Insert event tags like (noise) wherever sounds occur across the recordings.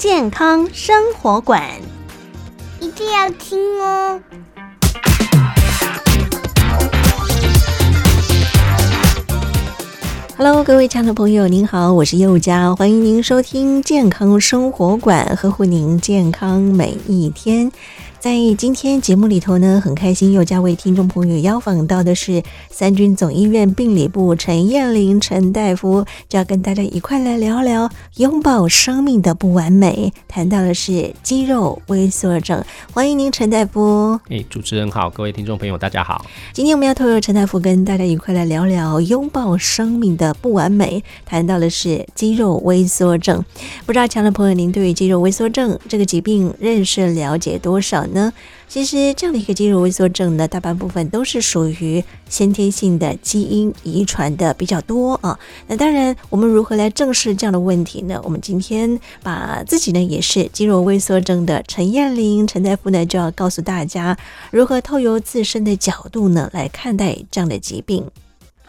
健康生活館，一定要聽哦！Hello，各位家長朋友，您好，我是幼佳，歡迎您收聽健康生活館，呵護您健康每一天。在今天節目裡頭呢，很開心又加位聽眾朋友邀訪到的是三軍總醫院病理部陳彥麟陳大夫，就要跟大家一塊來聊聊擁抱生命的不完美，談到的是肌肉萎縮症。歡迎您，陳大夫。哎，主持人好，各位聽眾朋友大家好。今天我們要透過陳大夫跟大家一塊來聊聊擁抱生命的不完美，談到的是肌肉萎縮症。不知道強的朋友，您對於肌肉萎縮症這個疾病認識了解多少？呢，其實這樣的一個肌肉萎縮症呢，大半部分都是屬於先天性的基因遺傳的比較多啊。那當然，我們如何來正視這樣的問題呢？我們今天把自己呢也是肌肉萎縮症的陳彥麟陳大夫呢，就要告訴大家如何透由自身的角度呢來看待這樣的疾病。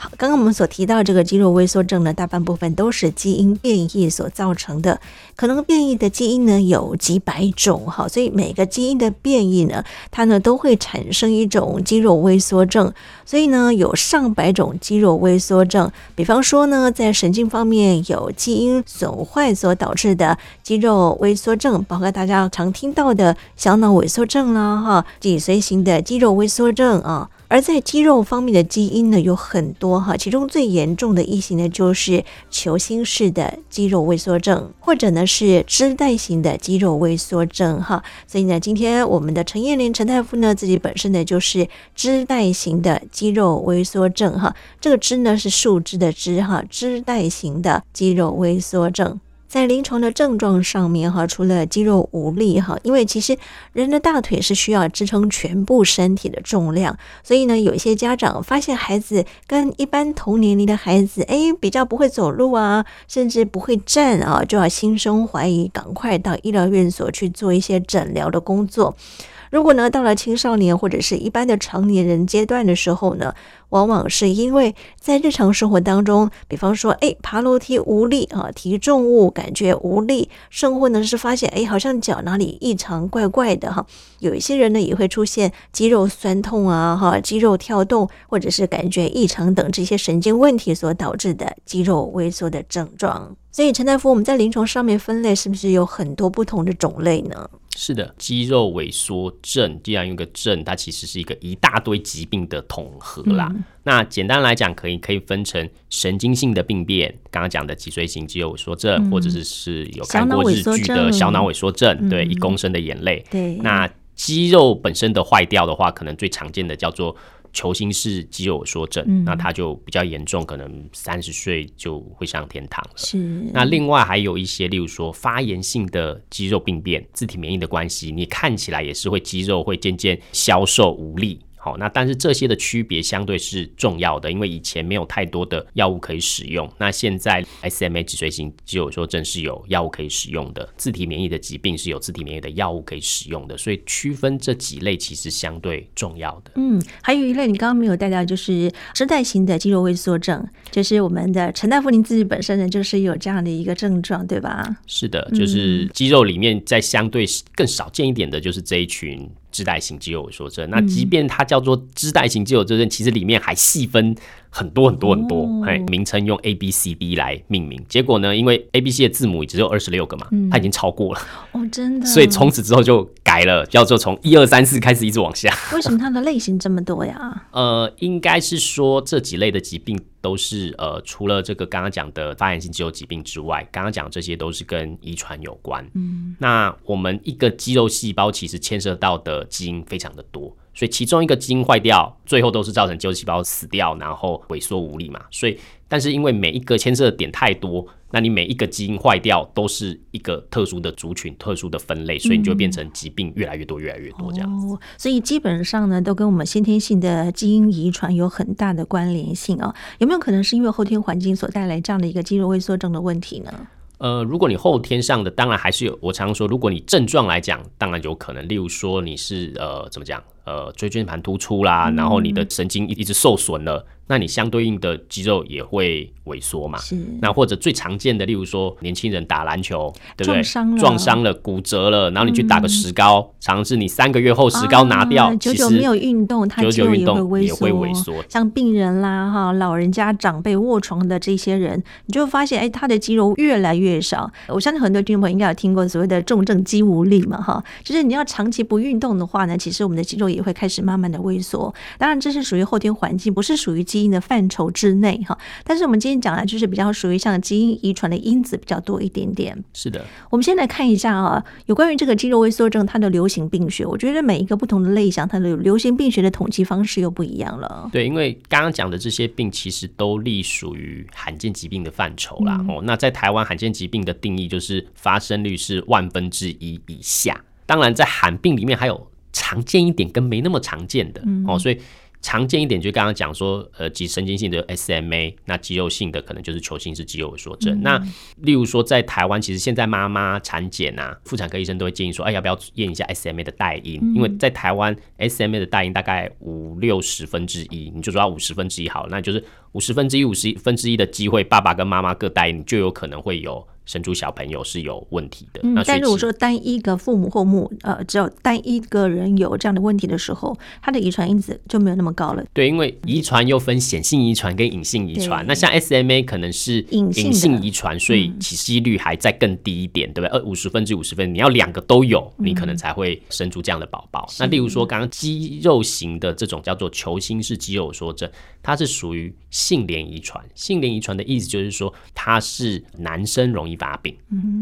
好，剛剛我們所提到這個肌肉萎縮症呢，大半部分都是基因變異所造成的，可能變異的基因呢有幾百種，好，所以每個基因的變異呢，它呢都會產生一種肌肉萎縮症，所以呢有上百種肌肉萎縮症，比方說呢在神經方面有基因損壞所導致的。肌肉萎縮症包括大家常聽到的小腦萎縮症啦，哈，脊髓型的肌肉萎縮症啊。而在肌肉方面的基因呢有很多哈，其中最嚴重的一型呢就是裘馨氏的肌肉萎縮症，或者呢是肢帶型的肌肉萎縮症哈。所以呢，今天我們的陳彥麟陳大夫呢自己本身呢就是肢帶型的肌肉萎縮症哈，這個肢呢是樹枝的肢哈，肢帶型的肌肉萎縮症。這個在臨床的症狀上面，哈，除了肌肉無力，哈，因為其實人的大腿是需要支撐全部身體的重量，所以呢，有些家長發現孩子跟一般同年齡的孩子，哎，比較不會走路啊，甚至不會站啊，就要心生懷疑，趕快到醫療院所去做一些診療的工作。如果呢，到了青少年或者是一般的成年人階段的時候呢，往往是因為在日常生活當中，比方說，哎，爬樓梯無力啊，提重物感覺無力，生活呢是發現，哎，好像腳哪裡異常怪怪的哈、啊，有一些人呢也會出現肌肉酸痛啊哈、啊，肌肉跳動或者是感覺異常等這些神經問題所導致的肌肉萎縮的症狀。所以陳大夫，我們在臨床上面分類是不是有很多不同的種類呢？是的，肌肉萎縮症，既然有一個症，它其實是一個一大堆疾病的統合啦。嗯、那簡單來講，可以可以分成神經性的病變，剛剛講的脊髓型肌肉萎縮症、嗯，或者是是有看過日劇的小腦萎縮症、嗯，對，一公升的眼淚、嗯。對，那肌肉本身的壞掉的話，可能最常見的叫做。裘馨氏肌肉縮症，嗯，那他就比較嚴重，可能三十歲就會上天堂了。是。那另外還有一些，例如說發炎性的肌肉病變，自體免疫的關係，你看起來也是會肌肉會漸漸消瘦無力。好，那但是這些的區別相對是重要的，因為以前沒有太多的藥物可以使用。那現在 SMA 脊髓型肌肉萎縮症，是有藥物可以使用的，自體免疫的疾病是有自體免疫的藥物可以使用的，所以區分這幾類其實相對重要的。嗯，還有一類你剛剛沒有帶到，就是肢帶型的肌肉萎縮症，就是我們的陳大夫您自己本身呢，就是有這樣的一個症狀，對吧？是的，就是肌肉裡面在相對更少見一點的就是這一群。肢帶型肌肉萎縮症，那即便它叫做肢帶型肌肉萎縮症，其實裡面還細分很多很多很多，哎、哦，名稱用 A B C D 來命名，結果呢，因為 A B C 的字母也只有二十六個嘛、嗯，它已經超過了哦，真的，所以從此之後就。來了，叫做從一二三四開始一直往下。為什麼它的類型這麼多呀？ (laughs) 呃，應該是說這幾類的疾病都是呃，除了這個剛剛講的發炎性肌肉疾病之外，剛剛講這些都是跟遺傳有關。嗯，那我們一個肌肉細胞其實牽涉到的基因非常的多，所以其中一個基因壞掉，最後都是造成肌肉細胞死掉，然後萎縮無力嘛。所以，但是因為每一個牽涉的點太多。那你每一個基因壞掉，都是一個特殊的族群、特殊的分類，所以你就變成疾病越來越多、越來越多這樣、嗯哦、所以基本上呢，都跟我們先天性的基因遺傳有很大的關聯性啊、哦。有沒有可能是因為後天環境所帶來這樣的一個肌肉萎縮症的問題呢？呃，如果你後天上的，當然還是有。我常說，如果你症狀來講，當然有可能。例如說，你是呃怎麼講？呃，椎間盤突出啦、嗯，然後你的神經一直受損了。那你相對應的肌肉也會萎縮嘛？是。那或者最常見的，例如說年輕人打籃球，對不對？撞傷了，撞傷了，骨折了，然後你去打個石膏，嘗、嗯、試你三個月後石膏拿掉，啊啊、其實久久沒有運動，他肌肉也，也會萎縮。像病人啦，哈、哦，老人家、長輩臥床的這些人，你就發現，哎，他的肌肉越來越少。我相信很多聽眾朋友應該有聽過所謂的重症肌無力嘛，哈、哦，就是你要長期不運動的話呢，其實我們的肌肉也會開始慢慢的萎縮。當然，這是屬於後天環境，不是屬於肌。基因的範疇之內哈，但是我們今天講的，就是比較屬於像基因遺傳的因子比較多一點點。是的，我們先來看一下啊、喔，有關於這個肌肉萎縮症它的流行病學，我覺得每一個不同的類型，它的流行病學的統計方式又不一樣了。對，因為剛剛講的這些病，其實都隸屬於罕見疾病的範疇啦。哦、嗯喔，那在台灣罕見疾病的定義，就是發生率是萬分之一以下。當然，在罕病裡面還有常見一點跟沒那麼常見的哦、嗯喔，所以。常見一點就剛剛講說，呃，脊神經性的 SMA，那肌肉性的可能就是裘馨氏肌肉萎縮症。嗯、那例如說在台灣，其實現在媽媽產檢啊，婦產科醫生都會建議說，哎，要不要驗一下 SMA 的帶因？嗯。因為在台灣 SMA 的帶因大概五六十分之一，你就說要五十分之一好了，那就是五十分之一五十分之一的機會，爸爸跟媽媽各帶，你就有可能會有生出小朋友是有問題的，嗯、那但如果說，單一個父母或母，呃，只有單一個人有這樣的問題的時候，他的遺傳因子就沒有那麼高了。對，因為遺傳又分顯性遺傳跟隱性遺傳、嗯，那像 SMA 可能是隱性遺傳，所以其實幾率還在更低一點，對不對？呃，五十分至五十分，你要兩個都有，你可能才會生出這樣的寶寶、嗯。那例如說剛剛肌肉型的這種叫做裘馨氏肌肉萎縮症，它是屬於性聯遺傳。性聯遺傳的意思就是說，它是男生容易發病，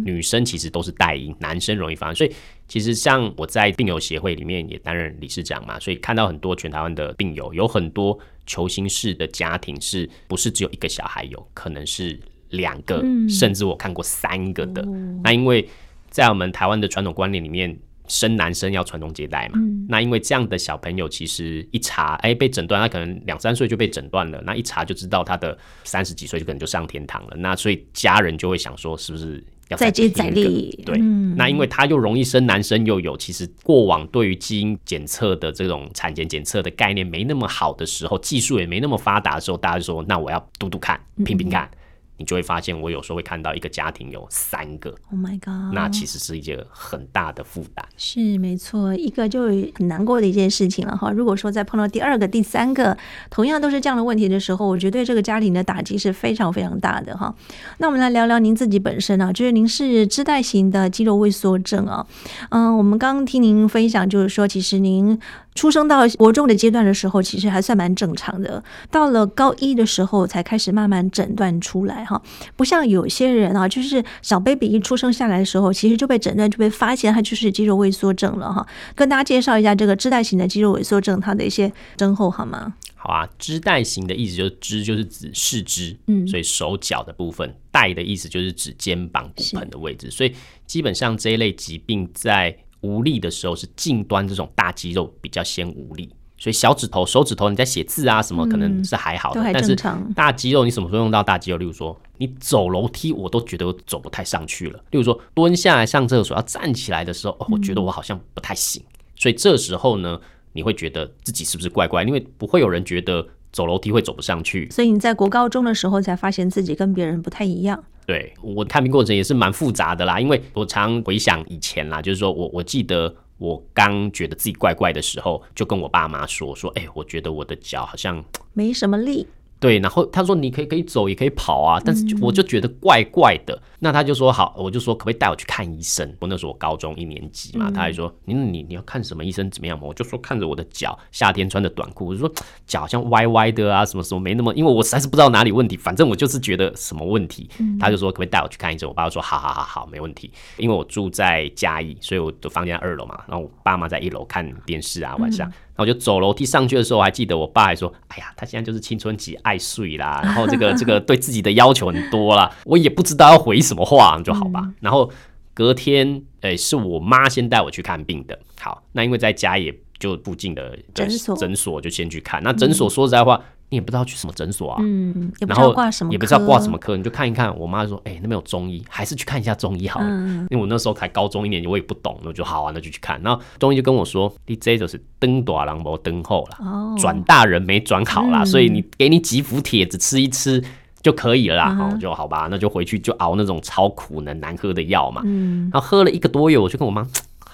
女生其實都是帶因，男生容易發。所以其實像我在病友協會裡面也擔任理事長嘛，所以看到很多全台灣的病友，有很多裘馨氏的家庭，是不是只有一個小孩有，有可能是兩個、嗯，甚至我看過三個的，哦、那因為在我們台灣的傳統觀念裡面。生男生要傳宗接代嘛、嗯？那因為這樣的小朋友，其實一查，哎、欸，被診斷，他可能兩三歲就被診斷了。那一查就知道他的三十幾歲就可能就上天堂了。那所以家人就會想說，是不是要再接再厲？對、嗯，那因為他又容易生男生又有，其實過往對於基因檢測的這種產前檢測的概念沒那麼好的時候，技術也沒那麼發達的時候，大家就說，那我要賭賭看，拼拼看。嗯嗯。你就會發現，我有時候會看到一個家庭有三個，Oh my god，那其實是一件很大的負擔。是沒錯，一個就很難過的一件事情了哈。如果說再碰到第二個、第三個，同樣都是這樣的問題的時候，我覺得這個家庭的打擊是非常非常大的哈。那我們來聊聊您自己本身啊，就是您是肢帶型的肌肉萎縮症啊，嗯、呃，我們剛剛聽您分享，就是說其實您。出生到國中的階段的時候，其實還算蠻正常的。到了高一的時候，才開始慢慢診斷出來哈。不像有些人啊，就是小 baby 一出生下來的時候，其實就被診斷就被發現他就是肌肉萎縮症了哈。跟大家介紹一下這個肢帶型的肌肉萎縮症，它的一些症候好嗎？好啊，肢帶型的意思就是肢就是指四肢，嗯，所以手腳的部分；帶、嗯、的意思就是指肩膀骨盆的位置。所以基本上這一類疾病在。無力的時候是近端這種大肌肉比較先無力，所以小指頭、手指頭你在寫字啊什麼可能是還好的，嗯，對，還正常，但是大肌肉你什麼時候用到大肌肉？例如說你走樓梯，我都覺得我走不太上去了。例如說蹲下來上廁所要站起來的時候，哦，我覺得我好像不太行，嗯。所以這時候呢，你會覺得自己是不是怪怪？因為不會有人覺得走樓梯會走不上去。所以你在國高中的時候才發現自己跟別人不太一樣。對，我看病過程也是蠻複雜的啦，因為我常回想以前啦，就是說我我記得我剛覺得自己怪怪的時候，就跟我爸媽說說，欸，我覺得我的腳好像沒什麼力。對，然後他說你可以可以走也可以跑啊，但是我就覺得怪怪的、嗯。那他就說好，我就說可不可以帶我去看醫生？我那時候我高中一年級嘛，嗯、他還說你你你要看什麼醫生怎麼樣？我就說看着我的腳，夏天穿的短褲，我就說腳好像歪歪的啊，什麼什麼沒那麼，因為我實在是不知道哪裡問題，反正我就是覺得什麼問題。嗯、他就說可不可以帶我去看醫生？我爸說好好好好，沒問題。因為我住在嘉義，所以我的房間二樓嘛，然後我爸媽在一樓看電視啊，晚上。嗯我就走樓梯上去的時候，我還記得我爸還說：“哎呀，他現在就是青春期愛睡啦，然後這個 (laughs) 這個對自己的要求很多啦，我也不知道要回什麼話，那就好吧。嗯”然後隔天，哎、欸，是我媽先帶我去看病的。好，那因為在家也就附近的診所，診所就先去看。那診所說實在話，嗯你也不知道去什麼診所啊、嗯，然後也不知道掛什麼科，你就看一看。我媽說，哎、欸，那邊有中醫，還是去看一下中醫好了、嗯。因為我那時候才高中一年，我也不懂，那我就好啊，那就去看。然後中醫就跟我說，你這就是登多郎膜登厚了，轉大人沒轉好啦。哦好啦嗯」所以你給你幾副帖子吃一吃就可以了啦。然、嗯、後、哦、就好吧，那就回去就熬那種超苦的難，難喝的藥嘛、嗯。然後喝了一個多月，我就跟我媽。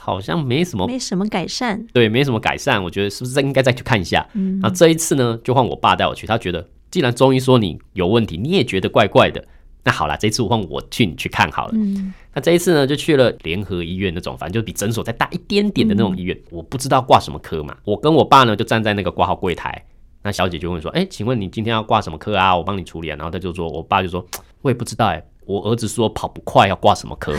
好像沒什麼，沒什麼改善。對，沒什麼改善。我覺得是不是應該再去看一下？嗯，那這一次呢，就換我爸帶我去。他覺得，既然中醫說你有問題，你也覺得怪怪的，那好啦，這一次我換我替你去看好了。嗯，那這一次呢，就去了聯合醫院那種，反正就比診所再大一點點的那種醫院。嗯、我不知道掛什麼科嘛。我跟我爸呢，就站在那個掛號櫃檯，那小姐就問說：“哎、欸，請問你今天要掛什麼科啊？我幫你處理、啊。”然後他就說：“我爸就說，我也不知道哎、欸，我兒子說跑不快，要掛什麼科。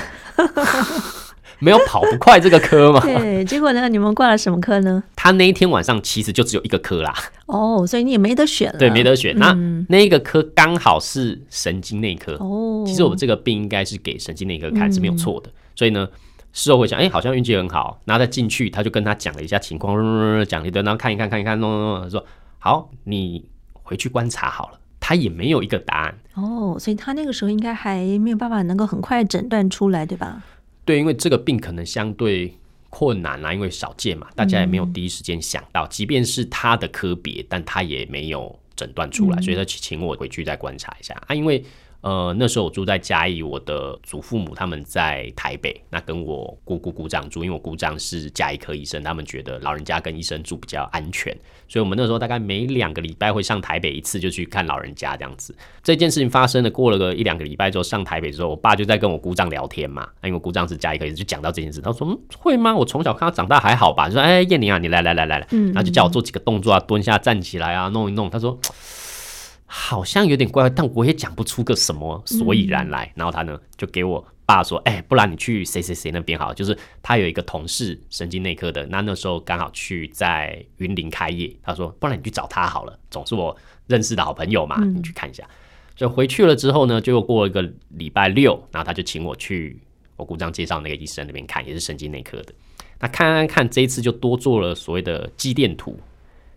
(laughs) ” (laughs) 沒有跑不快這個科嘛？ (laughs) 對，結果呢？你們掛了什麼科呢？他那一天晚上其實就只有一個科啦。哦，所以你也沒得選了。 (laughs) 對，沒得選。那、嗯、那個科剛好是神經內科。哦、oh.，其實我們這個病應該是給神經內科看是沒有錯的、嗯。所以呢，事後會想，哎、欸，好像運氣很好。然後再進去，他就跟他講了一下情況，講、嗯嗯嗯、一段然後看一看看一看，嗯嗯、說好，你回去觀察好了。他也沒有一個答案。哦、oh,，所以他那個時候應該還沒有辦法能夠很快診斷出來，對吧？對，因為這個病可能相對困難啊，因為少見嘛，大家也沒有第一時間想到，嗯、即便是他的科別，但他也沒有診斷出來，嗯、所以他請請我回去再觀察一下啊，因為。呃，那時候我住在嘉義，我的祖父母他們在台北，那跟我姑姑姑丈住，因為我姑丈是家醫科醫生，他們覺得老人家跟醫生住比較安全，所以我們那時候大概每兩個禮拜會上台北一次，就去看老人家這樣子。這件事情發生了，過了個一兩個禮拜之後，上台北之後，我爸就在跟我姑丈聊天嘛，因為姑丈是家醫科醫生，就講到這件事，他說：“嗯，會嗎？我從小看他長大還好吧？”就說：“哎、欸，彥麟啊，你來來來來來，然後就叫我做幾個動作啊，蹲下、站起來啊，弄一弄。”他說。好像有點怪怪，但我也講不出個什麼所以然來，嗯。然後他呢，就給我爸說：“哎、欸，不然你去誰誰誰那邊好了？就是他有一個同事，神經內科的。那那時候剛好去在雲林開業，他說：不然你去找他好了，總是我認識的好朋友嘛。嗯、你去看一下。就回去了之後呢，就過了一個禮拜六，然後他就請我去我姑丈介紹的那個醫生那邊看，也是神經內科的。那看看看，這一次就多做了所謂的肌電圖。”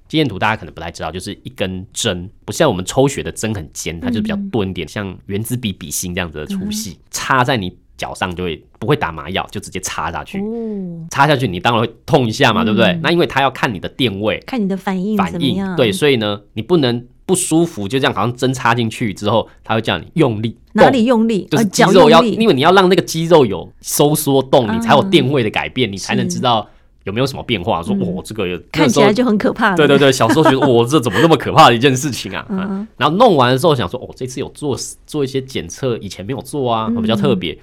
肌電圖大家可能不太知道，就是一根針，不像我們抽血的針很尖，它就比較鈍點，嗯、像原子筆筆芯這樣子的粗細、嗯，插在你腳上就會不會打麻藥，就直接插下去。哦、插下去你當然會痛一下嘛、嗯，對不對？那因為它要看你的電位，看你的反應，反應麼對，所以呢，你不能不舒服，就這樣好像針插進去之後，它會叫你用力哪裡用力，就是肌肉要、呃，因為你要讓那個肌肉有收縮動，你才有電位的改變，啊、你才能知道。有沒有什麼變化？說哦，這個看起來那時候，那就很可怕。對對對，小時候覺得 (laughs) 哦，這怎麼那麼可怕的一件事情啊、uh -huh. 啊？然後弄完的時候想說，哦，這次有做做一些檢測，以前沒有做啊，比較特別。Uh -huh.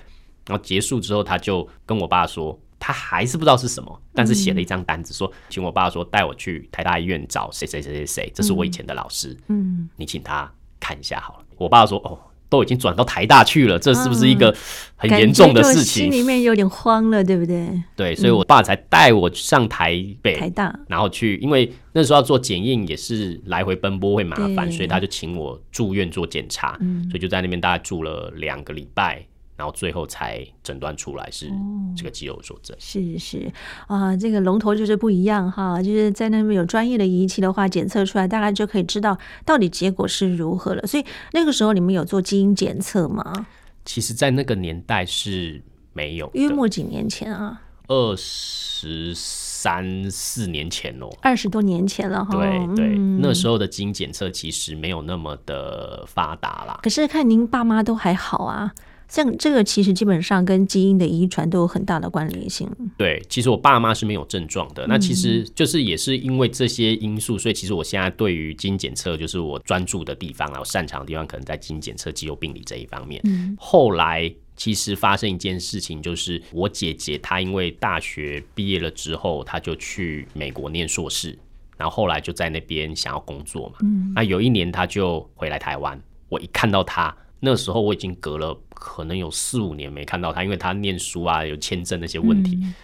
然後結束之後，他就跟我爸說，他還是不知道是什麼，但是寫了一張單子說，說、uh -huh. 請我爸說帶我去台大醫院找誰誰誰誰誰，這是我以前的老師。嗯、uh -huh.，你請他看一下好了。我爸說哦。都已經轉到台大去了，這是不是一個很嚴重的事情？啊、心裡面有點慌了，對不對？對，所以我爸才帶我上台北台大、嗯，然後去，因為那時候要做檢驗，也是來回奔波會麻煩，所以他就請我住院做檢查、嗯，所以就在那邊大概住了兩個禮拜。然後最後才診斷出來是這個肌肉所致。哦，是是啊，這個龍頭就是不一樣哈，就是在那邊有專業的儀器的話，檢測出來大概就可以知道到底結果是如何了。所以那個時候你們有做基因檢測嗎？其實，在那個年代是沒有，約莫幾年前啊，二十三四年前哦，二十多年前了哈。哦。對對，那時候的基因檢測其實沒有那麼的發達啦。嗯。可是看您爸媽都還好啊。像這個其實基本上跟基因的遺傳都有很大的關聯性。對，其實我爸媽是沒有症狀的，嗯。那其實就是也是因為這些因素，所以其實我現在對於基因檢測就是我專注的地方，然後擅長的地方可能在基因檢測、肌肉病理這一方面。嗯。後來其實發生一件事情，就是我姐姐她因為大學畢業了之後，她就去美國念碩士，然後後來就在那邊想要工作嘛。嗯。那有一年她就回來台灣，我一看到她，那時候我已經隔了可能有四五年沒看到他，因為他念書啊，有簽證那些問題，嗯，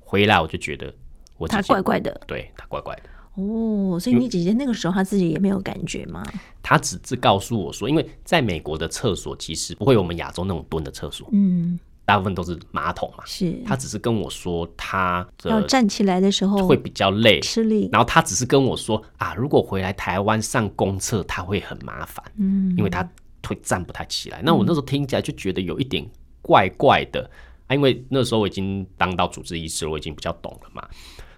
回來我就覺得我姐姐他怪怪的，對，他怪怪的哦。所以你姐姐那個時候他自己也沒有感覺嗎？他只是告訴我說，因為在美國的廁所其實不會有我們亞洲那種蹲的廁所，嗯，大部分都是馬桶嘛。是，他只是跟我說他要站起來的時候會比較累、吃力，然後他只是跟我說啊，如果回來台灣上公廁他會很麻煩，嗯，因為他。腿站不太起來，那我那時候聽起來就覺得有一點怪怪的，嗯，因為那時候我已經當到主治醫師，我已經比較懂了嘛，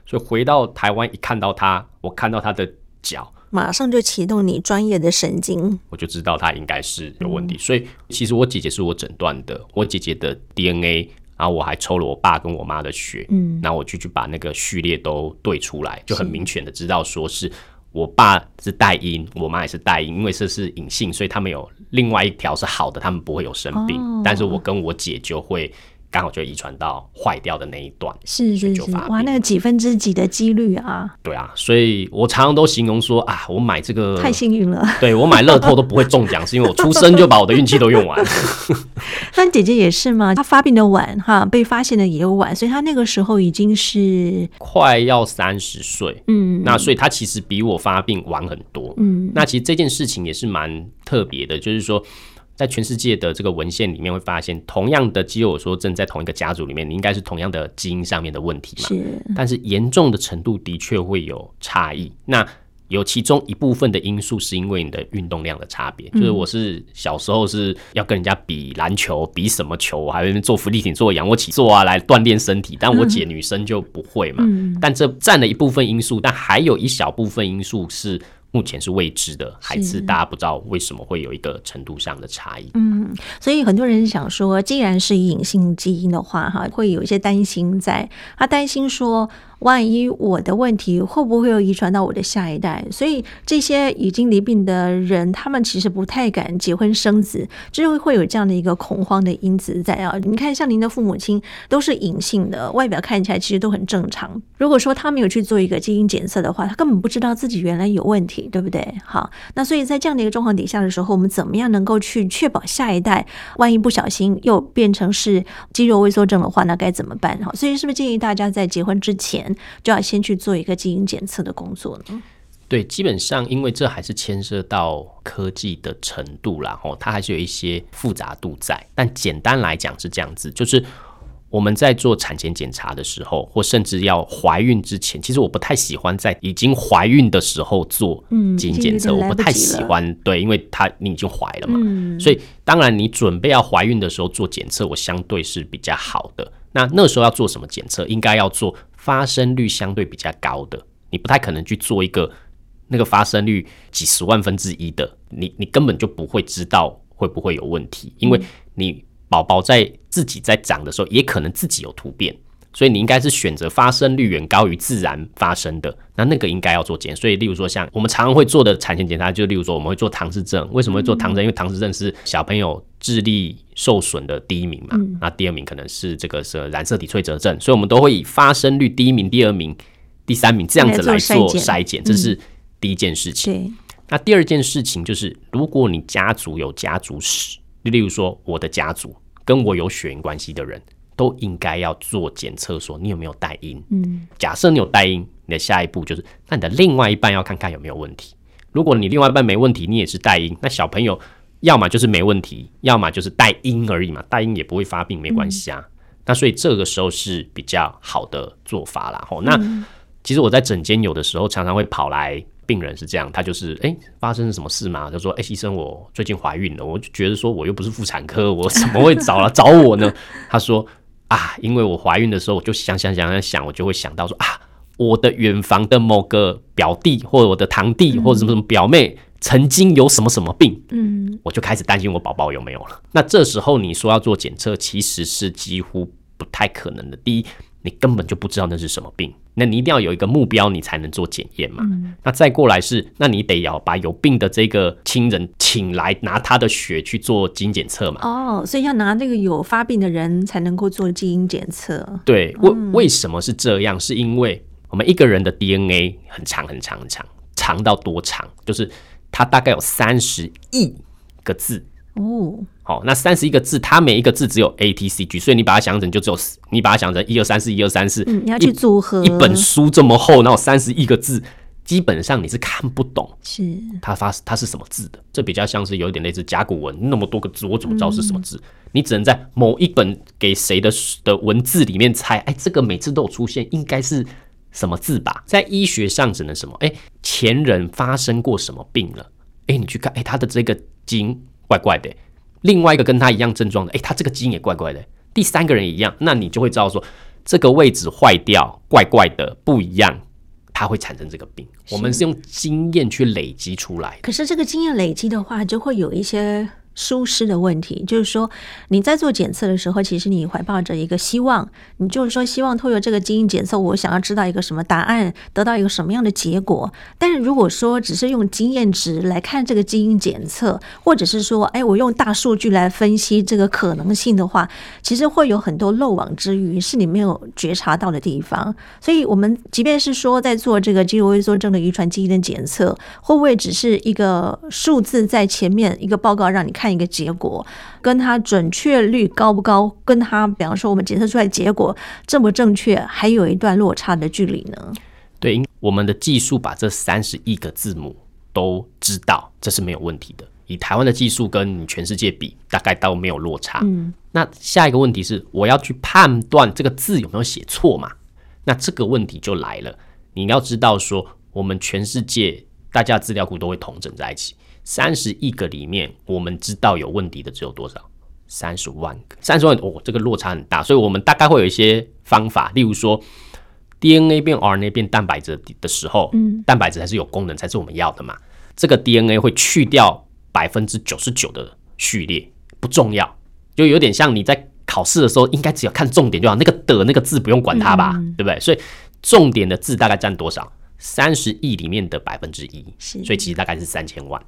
所以回到台灣一看到他，我看到他的腳，馬上就啟動你專業的神經，我就知道他應該是有問題，嗯。所以其實我姐姐是我診斷的，我姐姐的 DNA，然後我還抽了我爸跟我媽的血，嗯，那我就去把那個序列都對出來，就很明顯的知道說是。我爸是帶因，我媽也是帶因，因為這是隱性，所以他們有另外一條是好的，他們不會有生病。Oh. 但是我跟我姐就會。剛好就遺傳到壞掉的那一段，是是是，哇，那個幾分之幾的幾率啊？對啊，所以我常常都形容說啊，我買這個太幸運了。對，我買樂透都不會中獎， (laughs) 是因為我出生就把我的運氣都用完了。那 (laughs) 姐姐也是嘛，她發病的晚哈，被發現的也晚，所以她那個時候已經是快要三十歲。嗯，那所以她其實比我發病晚很多。嗯，那其實這件事情也是蠻特別的，就是說。在全世界的這個文獻裡面會發現，同樣的肌肉萎縮症在同一個家族裡面，你應該是同樣的基因上面的問題嘛？是。但是嚴重的程度的確會有差異。那有其中一部分的因素是因為你的運動量的差別，就是我是小時候是要跟人家比籃球、比什麼球，我還會做伏地挺身、做仰臥起坐啊來鍛鍊身體。但我姐女生就不會嘛。嗯、但這佔了一部分因素，但還有一小部分因素是。目前是未知的，還是大家不知道為什麼會有一個程度上的差異？嗯，所以很多人想說，既然是隱性基因的話，哈，會有一些擔心在，在他擔心說。萬一我的問題會不會又遺傳到我的下一代？所以這些已經罹病的人，他們其實不太敢結婚生子，就會會有這樣的一個恐慌的因子在啊。你看，像您的父母親都是隱性的，外表看起來其實都很正常。如果說他沒有去做一個基因檢測的話，他根本不知道自己原來有問題，對不對？好，那所以在這樣的一個狀況底下的時候，我們怎麼樣能夠去確保下一代，萬一不小心又變成是肌肉萎縮症的話，那該怎麼辦？好，所以是不是建議大家在結婚之前？就要先去做一個基因檢測的工作了。對，基本上因為這還是牽涉到科技的程度啦，吼、喔，它還是有一些複雜度在。但簡單來講是這樣子，就是我們在做產前檢查的時候，或甚至要懷孕之前，其實我不太喜歡在已經懷孕的時候做基因檢測、嗯，我不太喜歡。對，因為它你已經懷了嘛、嗯，所以當然你準備要懷孕的時候做檢測，我相對是比較好的。那那時候要做什麼檢測？應該要做。發生率相對比較高的，你不太可能去做一個那個發生率幾十萬分之一的，你你根本就不會知道會不會有問題，因為你寶寶在自己在長的時候，也可能自己有突變。所以你應該是選擇發生率遠高於自然發生的那，那個應該要做檢。所以例如說像我們常常會做的產前檢查，就是、例如說我們會做唐氏症。為什麼會做唐氏症？因為唐氏症是小朋友智力受損的第一名嘛、嗯。那第二名可能是這個是染色體脆折症。所以我們都會以發生率第一名、第二名、第三名這樣子來做篩檢、嗯，這是第一件事情、嗯。那第二件事情就是，如果你家族有家族史，例如說我的家族跟我有血緣關係的人。都應該要做檢測，說你有沒有帶因、嗯？假設你有帶因，你的下一步就是，那你的另外一半要看看有沒有問題。如果你另外一半沒問題，你也是帶因，那小朋友要麼就是沒問題，要麼就是帶因而已嘛，帶因也不會發病，沒關係啊、嗯。那所以這個時候是比較好的做法啦。哦、嗯，那其實我在診間有的時候常常會跑來病人是這樣，他就是哎、欸，發生了什麼事嘛？他說，哎、欸，醫生，我最近懷孕了，我就覺得說我又不是婦產科，我怎麼會找了、啊、 (laughs) 找我呢？他說。啊，因為我懷孕的時候，我就想想想想想，我就會想到說啊，我的遠房的某個表弟，或者我的堂弟，或者什麼什麼表妹，曾經有什麼什麼病，嗯，我就開始擔心我寶寶有沒有了。那這時候你說要做檢測，其實是幾乎不太可能的。第一，你根本就不知道那是什麼病。那你一定要有一個目標，你才能做檢驗嘛、嗯。那再過來是，那你得要把有病的這個親人請來，拿他的血去做基因檢測嘛。哦，所以要拿那個有發病的人才能夠做基因檢測。對，為、嗯、為什麼是這樣？是因為我們一個人的 DNA 很長很長很長，長到多長？就是它大概有三十億個字。哦，好，那三十一個字，它每一個字只有 A T C G，所以你把它想成就只有，你把它想成一二三四一二三四，你要去組合一,一本書這麼厚，然後三十一個字，基本上你是看不懂，是它發它是什麼字的。這比較像是有點類似甲骨文，那麼多個字，我怎麼知道是什麼字？嗯、你只能在某一本給誰的的文字裡面猜，哎，這個每次都有出現，應該是什麼字吧？在醫學上只能什麼？哎，前人發生過什麼病了？哎，你去看，哎，他的這個經。怪怪的，另外一個跟他一樣症狀的，哎、欸，他這個基因也怪怪的，第三個人一樣，那你就會知道說這個位置壞掉，怪怪的不一樣，它會產生這個病。我們是用經驗去累積出來，可是這個經驗累積的話，就會有一些。舒適的問題，就是說你在做檢測的時候，其實你懷抱着一個希望，你就是說希望透過這個基因檢測，我想要知道一個什麼答案，得到一個什麼樣的結果。但是如果說只是用經驗值來看這個基因檢測，或者是說，哎，我用大數據來分析這個可能性的話，其實會有很多漏網之魚是你沒有覺察到的地方。所以，我們即便是說在做這個肌肉萎縮症的遺傳基因的檢測，會不會只是一個數字在前面，一個報告讓你看？看一個結果，跟它準確率高不高，跟它，比方說我們檢測出來結果正不正確，還有一段落差的距離呢。對，因我們的技術把這三十億個字母都知道，這是沒有問題的。以台灣的技術跟全世界比，大概都沒有落差。嗯，那下一個問題是，我要去判斷這個字有沒有寫錯嘛？那這個問題就來了，你要知道說，我們全世界大家資料庫都會統整在一起。三十億個裡面，我們知道有問題的只有多少？三十萬個，三十萬個哦，這個落差很大，所以，我們大概會有一些方法，例如說，DNA 變 RNA 變蛋白質的時候，蛋白質還是有功能，才是我們要的嘛。嗯、這個 DNA 會去掉百分之九十九的序列，不重要，就有點像你在考試的時候，應該只要看重點就好，那個的那個字不用管它吧，嗯、對不對？所以，重點的字大概占多少？三十億裡面的百分之一，是、所以其實大概是三千萬。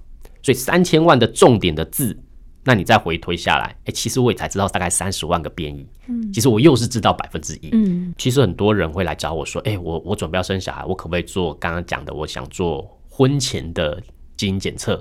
所以三千萬的重點的字，那你再回推下來，誒、欸，其實我也才知道大概三十萬個變異。嗯，其實我又是知道百分之一。嗯，其實很多人會來找我說，誒、欸，我我準備要生小孩，我可不可以做剛剛講的，我想做婚前的基因檢測？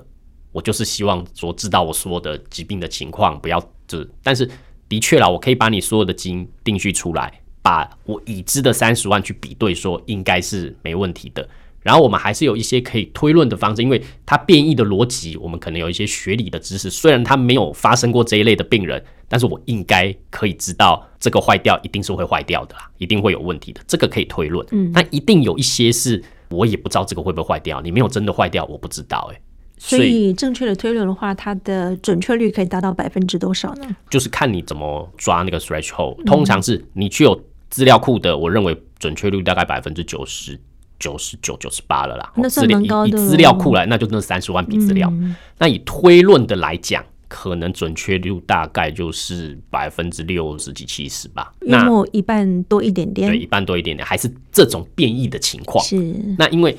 我就是希望說知道我所有的疾病的情況，不要就。但是的確啦，我可以把你所有的基因定序出來，把我已知的三十萬去比對說，說應該是沒問題的。然後我們還是有一些可以推論的方式，因為它變異的邏輯，我們可能有一些學理的知識。雖然它沒有發生過這一類的病人，但是我應該可以知道這個壞掉一定是會壞掉的啦，一定會有問題的。這個可以推論。嗯，但一定有一些是我也不知道這個會不會壞掉，你沒有真的壞掉，我不知道誒、欸，所以正確的推論的話，它的準確率可以達到百分之多少呢？就是看你怎麼抓那個 threshold，通常是你去有資料庫的，我認為準確率大概百分之九十。九十九九十八了啦，那這蠻高的了，以以資料庫來。那就那三十萬筆資料、嗯，那以推論的來講，可能準確率大概就是百分之六十幾七十吧，那一半多一點點，對，一半多一點點，還是這種變異的情況。是，那因為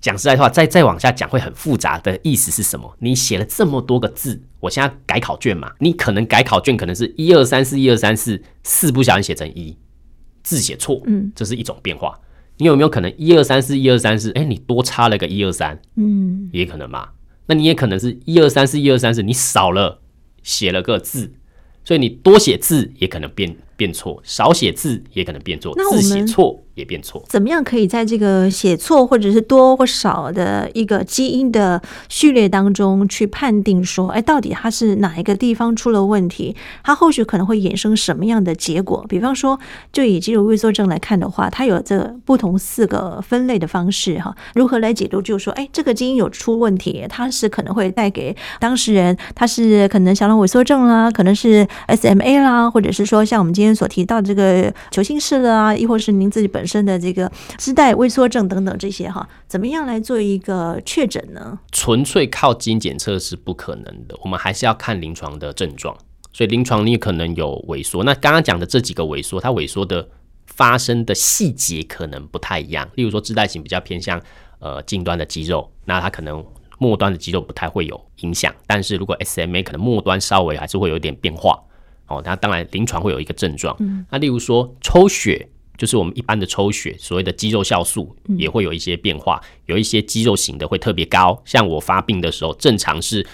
講實在話，再再往下講會很複雜的意思是什麼？你寫了這麼多個字，我現在改考卷嘛，你可能改考卷，可能是一二三四一二三四四不小心寫成一，字寫錯，嗯，這是一種變化。你有沒有可能一二三四一二三四，哎，你多插了個一二三，嗯,也可能嘛。那你也可能是一二三四一二三四，你少了寫了個字，所以你多寫字也可能變變錯，少寫字也可能變錯，字寫錯。也變錯，怎麼樣可以在這個寫錯或者是多或少的一個基因的序列當中去判定說，哎、欸，到底它是哪一個地方出了問題？它後續可能會衍生什麼樣的結果？比方說，就以肌肉萎縮症來看的話，它有這不同四個分類的方式哈，如何來解讀？就是說，哎、欸，這個基因有出問題，它是可能會帶給當事人，他是可能小腦萎縮症啦，可能是 SMA 啦，或者是說像我們今天所提到的這個裘馨氏的啊，亦或是您自己本。身的這個肢帶萎縮症等等這些哈，怎麼樣來做一個確診呢？純粹靠基因檢測是不可能的，我們還是要看臨床的症狀。所以臨床你可能有萎縮，那剛剛講的這幾個萎縮，它萎縮的發生的細節可能不太一樣。例如說肢帶型比較偏向呃近端的肌肉，那它可能末端的肌肉不太會有影響。但是如果 SMA 可能末端稍微還是會有點變化。哦，那當然臨床會有一個症狀，嗯，那例如說抽血。就是我們一般的抽血，所謂的肌肉酵素也會有一些變化，嗯，有一些肌肉型的會特別高。像我發病的時候，正常是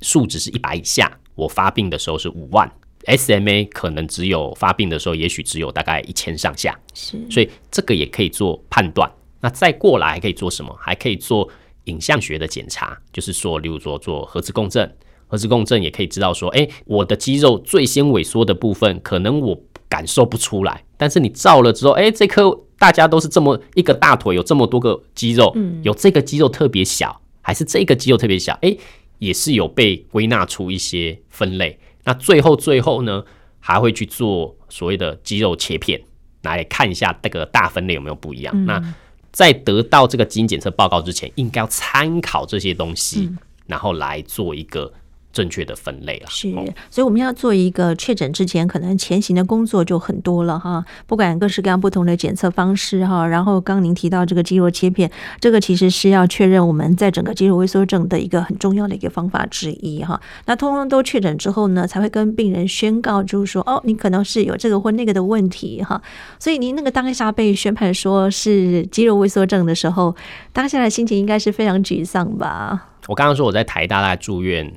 數值是一百以下，我發病的時候是五萬。SMA 可能只有發病的時候，也許只有大概一千上下。是，所以這個也可以做判斷。那再過來還可以做什麼？還可以做影像學的檢查，就是說，例如說做核磁共振，核磁共振也可以知道說，哎，欸，我的肌肉最先萎縮的部分，可能我。感受不出來，但是你照了之後，哎、欸，這顆大家都是這麼一個大腿，有這麼多個肌肉、嗯，有這個肌肉特別小，還是這個肌肉特別小，哎、欸，也是有被歸納出一些分類。那最後最後呢，還會去做所謂的肌肉切片，來看一下這個大分類有沒有不一樣。嗯、那在得到這個基因檢測報告之前，應該要參考這些東西，嗯、然後來做一個。正確的分類啊，是，所以我們要做一個確診之前，可能前行的工作就很多了哈。不管各式各樣不同的檢測方式哈，然後剛您提到這個肌肉切片，這個其實是要確認我們在整個肌肉萎縮症的一個很重要的一個方法之一哈。那通通都確診之後呢，才會跟病人宣告，就是說哦，你可能是有這個或那個的問題哈。所以您那個當下被宣判說是肌肉萎縮症的時候，當下的心情應該是非常沮喪吧？我剛剛說我在台大大住院。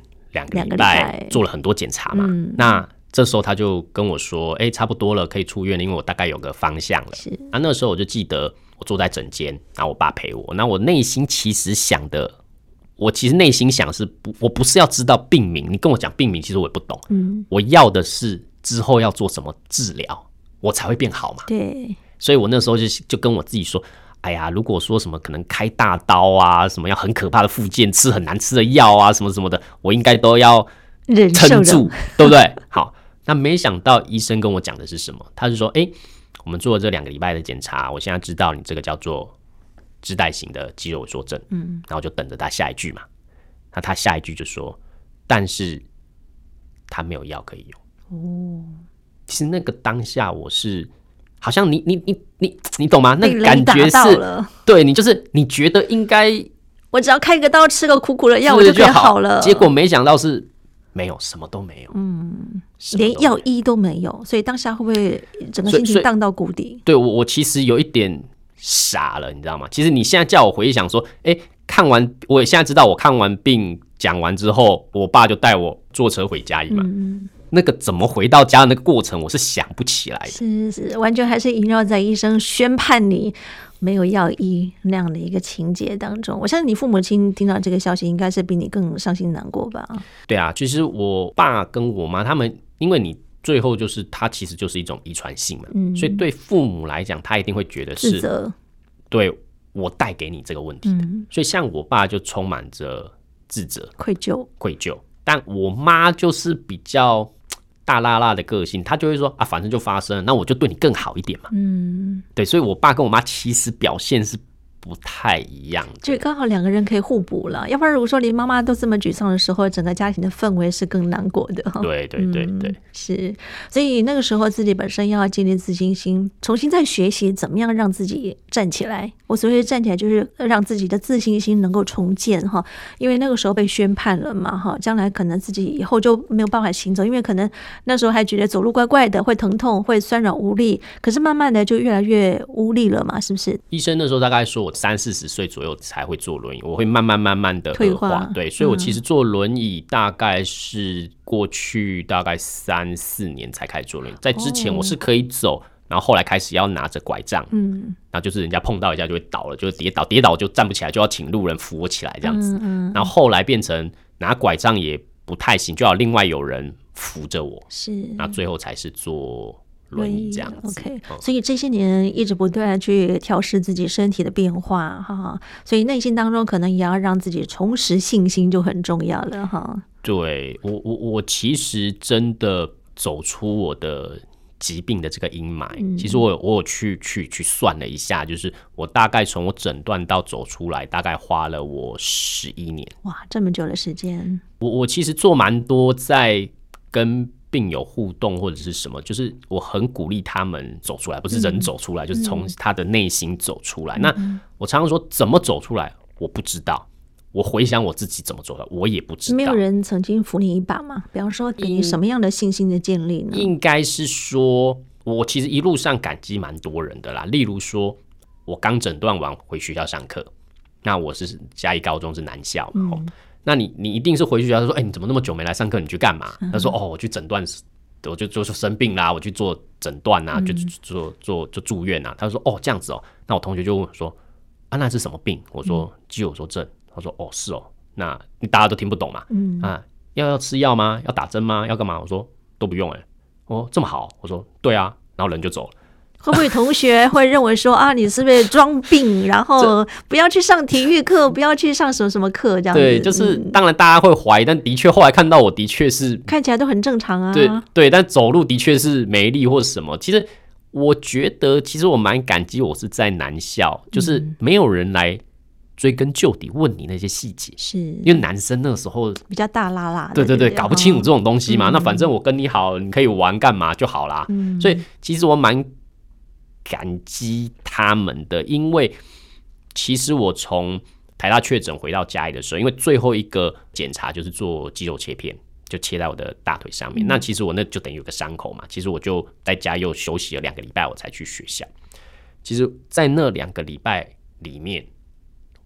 兩個禮拜做了很多檢查嘛、嗯，那這時候他就跟我說：“哎、欸，差不多了，可以出院了，因為我大概有個方向了。”是，是啊，那時候我就記得我坐在診間，然後我爸陪我。那我內心其實想的，我其實內心想的是不，我不是要知道病名，你跟我講病名，其實我也不懂。嗯，我要的是之後要做什麼治療，我才會變好嘛。對，所以我那時候就就跟我自己說。哎呀，如果說什麼可能開大刀啊，什麼要很可怕的復健，吃很難吃的藥啊，什麼什麼的，我應該都要撐住，對不對？好，那沒想到醫生跟我講的是什麼？他就說，哎、欸，我們做了這兩個禮拜的檢查，我現在知道你這個叫做肢帶型的肌肉作症，嗯，然後就等着他下一句嘛。那他下一句就說，但是他沒有藥可以用。哦，其實那個當下我是。好像你你你你你懂嗎？那感覺到了，對你就是你覺得應該，我只要開個刀吃個苦苦的藥我就變好了，結果沒想到是沒有，什麼都沒有，嗯，連藥醫都沒有，所以當下會不會整個心情蕩到谷底？對，我我其實有一點傻了，你知道嗎？其實你現在叫我回想說，哎、欸，看完我現在知道，我看完病講完之後，我爸就帶我坐車回家一，嗯，那個怎麼回到家的那個過程，我是想不起來的。是是是，完全還是縈繞在醫生宣判你沒有藥醫那樣的一個情節當中。我相信你父母親聽到這個消息，應該是比你更傷心難過吧？對啊，其實我爸跟我媽他們，因為你最後就是他其實就是一種遺傳性嘛，嗯，所以對父母來講，他一定會覺得是對我帶給你這個問題的。嗯。所以像我爸就充滿着自責、愧疚、愧疚，愧疚，但我媽就是比較。大辣辣的個性，他就會說啊，反正就發生了，那我就對你更好一點嘛。嗯，對，所以我爸跟我媽其實表現是。不太一樣，就剛好兩個人可以互補了。要不然如果說連媽媽都這麼沮喪的時候，整個家庭的氛圍是更難過的。對對對對、嗯，是。所以那個時候自己本身要建立自信心，重新再學習怎麼樣讓自己站起來。我所謂的站起來，就是讓自己的自信心能夠重建哈。因為那個時候被宣判了嘛哈，將來可能自己以後就沒有辦法行走，因為可能那時候還覺得走路怪怪的，會疼痛，會酸軟無力。可是慢慢的就越來越無力了嘛，是不是？醫生那時候大概說我。三四十歲左右才會坐輪椅，我會慢慢慢慢的化退化，對，所以，我其實坐輪椅大概是過去大概三四年才開始坐輪椅，嗯，在之前我是可以走，哦、然後後來開始要拿着拐杖，嗯，那就是人家碰到一下就會倒了，就是跌倒，跌倒就站不起來，就要請路人扶我起來這樣子，嗯嗯，然後後來變成拿拐杖也不太行，就要另外有人扶着我，是，那最後才是坐。輪椅這樣子，OK、嗯。所以這些年一直不斷去調適自己身體的變化，哈、啊。所以內心當中可能也要讓自己重拾信心就很重要了，哈、啊。對我，我我其實真的走出我的疾病的這個陰霾、嗯。其實我有我有去去去算了一下，就是我大概從我診斷到走出來，大概花了我十一年。哇，這麼久的時間。我我其實做蠻多在跟。並有互動或者是什麼，就是我很鼓勵他們走出來，不是人走出來，嗯、就是從他的內心走出來、嗯。那我常常說，怎麼走出來、嗯，我不知道。我回想我自己怎麼走的，我也不知道。沒有人曾經扶你一把嗎？比方說，給你什麼樣的信心的建立呢？應該是說，我其實一路上感激蠻多人的啦。例如說，我剛診斷完回學校上課，那我是嘉義高中是男校嘛。嗯那你你一定是回去啊？他說：“哎、欸，你怎麼那麼久沒來上課？你去幹嘛？”嗯、他說：“哦，我去診斷，我就我就是生病啦，我去做診斷啦，就做做就，就，就住院啦。他說：“哦，這樣子哦。”那我同學就問我說：“啊，那是什麼病？”我說：“肌萎縮症。嗯”他說：“哦，是哦。那”那你大家都聽不懂嘛？嗯、啊，要要吃藥嗎？要打針嗎？要幹嘛？我說都不用哎、欸。哦，這麼好？我說對啊。然後人就走了。會 (laughs) 不會同學會認為說啊，你是不是裝病？然後不要去上體育課， (laughs) 不要去上什麼什麼課這樣子？對，就是當然大家會懷疑，但的確後來看到我的確是看起來都很正常啊。對對，但走路的確是沒力或者什麼。其實我覺得，其實我蠻感激我是在男校，就是沒有人來追根究底問你那些細節，是、嗯、因為男生那時候比較大啦啦。對對對，搞不清楚這種東西嘛。嗯、那反正我跟你好，你可以玩幹嘛就好啦、嗯。所以其實我蠻。感激他們的，因為其實我從台大確診回到家裡的時候，因為最後一個檢查就是做肌肉切片，就切在我的大腿上面。嗯。那其實我那就等於有個傷口嘛。其實我就在家又休息了兩個禮拜，我才去學校。其實，在那兩個禮拜裡面，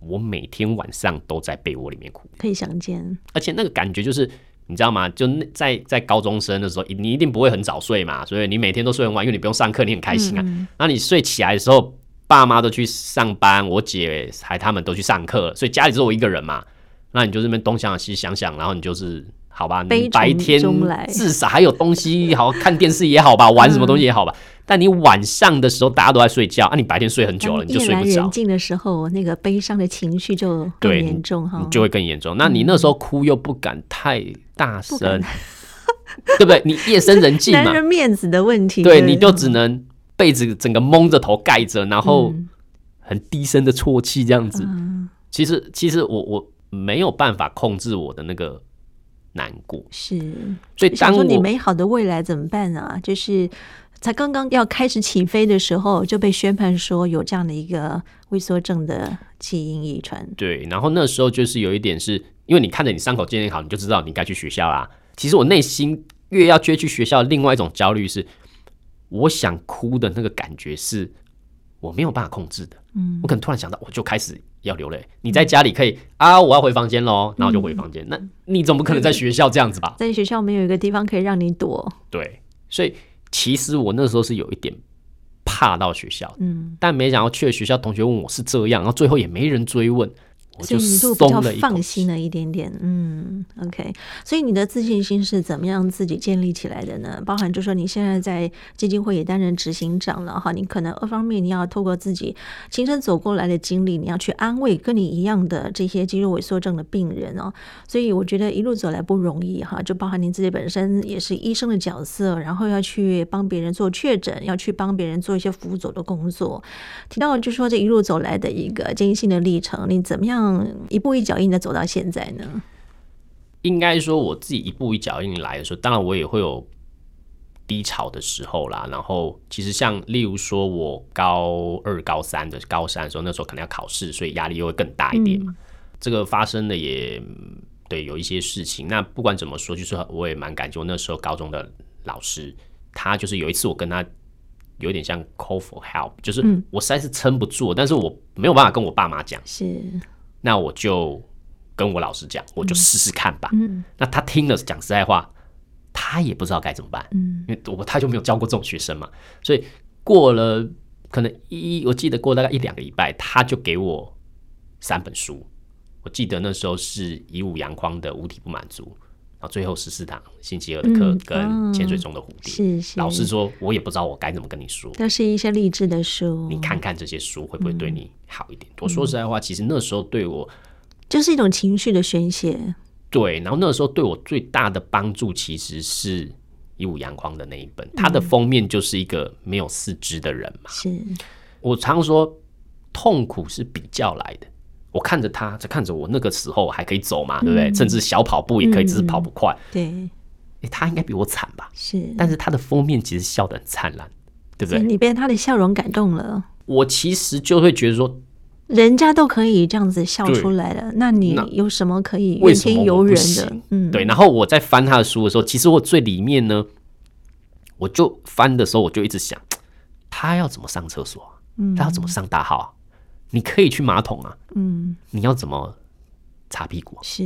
我每天晚上都在被窩裡面哭，可以想見。而且那個感覺就是。你知道嗎？就那在在高中生的時候，你一定不會很早睡嘛，所以你每天都睡很晚，因為你不用上課，你很開心啊、嗯。那你睡起來的時候，爸媽都去上班，我姐還他們都去上課了，所以家裡只有我一個人嘛。那你就這邊東想想西想想，然後你就是好吧。你白天至少還有東西好看電視也好吧，玩什麼東西也好吧。嗯、但你晚上的時候大家都在睡覺，那、啊、你白天睡很久了，你就睡不着。安靜的時候，那個悲傷的情緒就更嚴重哈，你就會更嚴重、嗯。那你那時候哭又不敢太。大聲 (laughs) 對不對？你夜深人靜嘛，男人面子的問題，對，對，你就只能被子整個蒙着頭蓋着，嗯、然後很低聲的啜泣，這樣子、嗯。其實，其實我我沒有辦法控制我的那個難過，是，所以當，當你美好的未來怎麼辦啊？就是才剛剛要開始起飛的時候，就被宣判說有這樣的一個萎縮症的基因遺傳。對，然後那時候就是有一點是。因為你看着你傷口漸漸好，你就知道你該去學校啦。其實我內心越要追去學校，另外一種焦慮是，我想哭的那個感覺是我沒有辦法控制的。嗯，我可能突然想到，我就開始要流淚。嗯、你在家裡可以啊，我要回房間嘍，然後就回房間、嗯。那你總不可能在學校這樣子吧、嗯？在學校沒有一個地方可以讓你躲。對，所以其實我那時候是有一點怕到學校。嗯，但沒想到去了學校，同學問我是這樣，然後最後也沒人追問。所以你就比較放心了一點點，嗯，OK。所以你的自信心是怎麼樣自己建立起來的呢？包含就是說你現在在基金會也擔任執行長了哈，你可能二方面你要透過自己親身走過來的經歷，你要去安慰跟你一樣的這些肌肉萎縮症的病人哦。所以我覺得一路走來不容易哈，就包含您自己本身也是醫生的角色，然後要去幫別人做確診，要去幫別人做一些輔佐的工作。提到就說這一路走來的一個艱辛的歷程，你怎麼樣？嗯，一步一腳印的走到現在呢？應該說我自己一步一腳印來的時候，當然我也會有低潮的時候啦。然後其實像例如說，我高二、高三的高三的時候，那時候可能要考試，所以壓力又會更大一點嘛。嗯、這個發生的也對有一些事情。那不管怎麼說，就是我也蠻感激我那時候高中的老師，他就是有一次我跟他有點像 call for help，就是我實在是撐不住、嗯，但是我沒有辦法跟我爸媽講，是。那我就跟我老師講，我就試試看吧。嗯嗯。那他聽了，講實在話，他也不知道該怎麼辦，嗯，因為我他就沒有教過這種學生嘛。所以過了可能一，我記得過大概一兩個禮拜，他就給我三本書。我記得那時候是乙武洋匡的《五體不滿足》。然後最後十四堂星期二的課跟《潛水中的蝴蝶》嗯哦，老師說，我也不知道我該怎麼跟你說。都是一些勵志的書，你看看這些書會不會對你好一點？嗯、我說實在話，其實那時候對我就是一種情緒的宣泄。對，然後那時候對我最大的幫助，其實是一五陽光的那一本，它的封面就是一個沒有四肢的人嘛。嗯、是我常說，痛苦是比較來的。我看着他，就看着我，那個時候還可以走嘛、嗯，對不對？甚至小跑步也可以，嗯、只是跑不快。對、欸，他應該比我慘吧？是，但是他的封面其實笑得很燦爛，對不對？欸、你被他的笑容感動了。我其實就會覺得說，人家都可以這樣子笑出來了，那你有什麼可以怨天尤人的？嗯，對。然後我在翻他的書的時候，其實我最裡面呢，我就翻的時候，我就一直想，他要怎麼上廁所上、啊？嗯，他要怎麼上大號、啊？你可以去馬桶啊，嗯，你要怎麼擦屁股啊？是，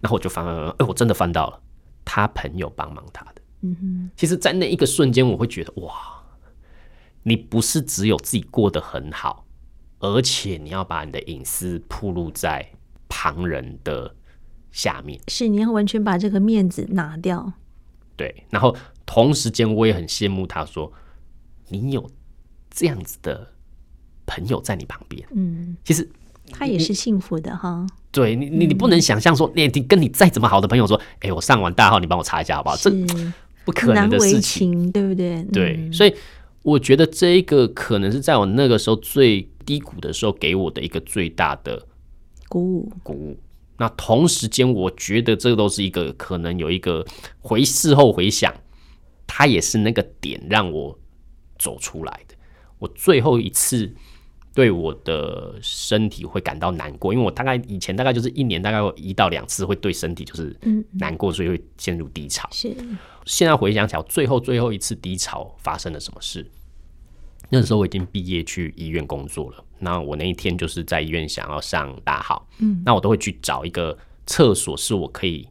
然後我就翻，哎、欸，我真的翻到了他朋友幫忙他的，嗯哼。其實，在那一個瞬間，我會覺得哇，你不是只有自己過得很好，而且你要把你的隱私暴露在旁人的下面，是你要完全把這個面子拿掉。對，然後同時間，我也很羨慕他說，你有這樣子的。朋友在你旁邊，嗯，其實他也是幸福的哈。對你，你、嗯、你不能想象說，你你跟你再怎麼好的朋友說，哎、欸，我上完大號，你幫我查一下，好不好？這不可能的事情，為情對不對？對、嗯，所以我覺得這一個可能是在我那個時候最低谷的時候給我的一個最大的鼓，鼓舞鼓舞。那同時間，我覺得這都是一個可能有一個回事後回想，他也是那個點讓我走出來的。我最後一次。對我的身體會感到難過，因為我大概以前大概就是一年大概一到兩次會對身體就是難過，嗯、所以會陷入低潮。是，現在回想起來，最後最後一次低潮發生了什麼事？那時候我已經畢業去醫院工作了。那我那一天就是在醫院想要上大號，嗯，那我都會去找一個廁所是我可以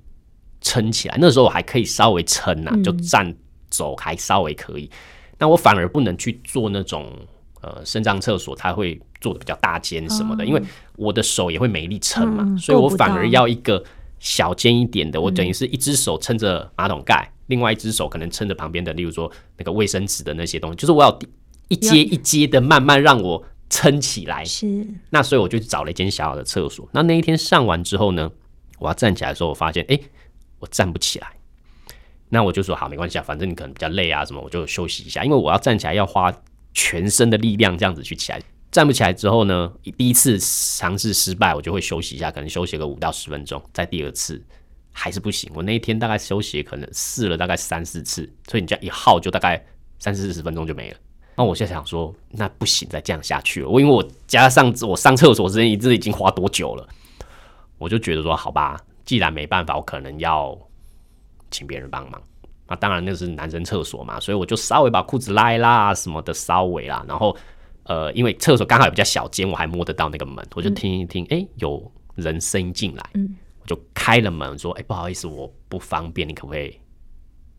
撐起來。那時候我還可以稍微撐吶、啊，就站走還稍微可以、嗯。那我反而不能去做那種。呃，身障廁所它會做的比較大間什麼的、嗯，因為我的手也會沒力撐嘛，嗯、所以我反而要一個小間一點的、嗯。我等於是，一只手撐着馬桶蓋、嗯，另外一只手可能撐着旁邊的，例如說那個衛生紙的那些東西，就是我要一階一階的慢慢讓我撐起來、嗯。那所以我就找了一間小小的廁所。那那一天上完之後呢，我要站起來的時候，我發現，哎，我站不起來。那我就說，好，沒關係啊，反正你可能比較累啊，什麼，我就休息一下，因為我要站起來要花。全身的力量這樣子去起來，站不起來之後呢，第一次嘗試失敗，我就會休息一下，可能休息個五到十分鐘，再第二次還是不行。我那一天大概休息可能試了大概三四次，所以你這樣一耗就大概三四十分鐘就沒了。那我現在想說，那不行，再這樣下去了，我因為我加上我上廁所時間，已經花多久了，我就覺得說，好吧，既然沒辦法，我可能要請別人幫忙。那當然，那是男生廁所嘛，所以我就稍微把褲子拉一拉什麼的，稍微啦。然後，呃，因為廁所剛好也比較小間，我還摸得到那個門，我就聽一聽，哎、嗯欸，有人聲音進來、嗯，我就開了門，說，哎、欸，不好意思，我不方便，你可不可以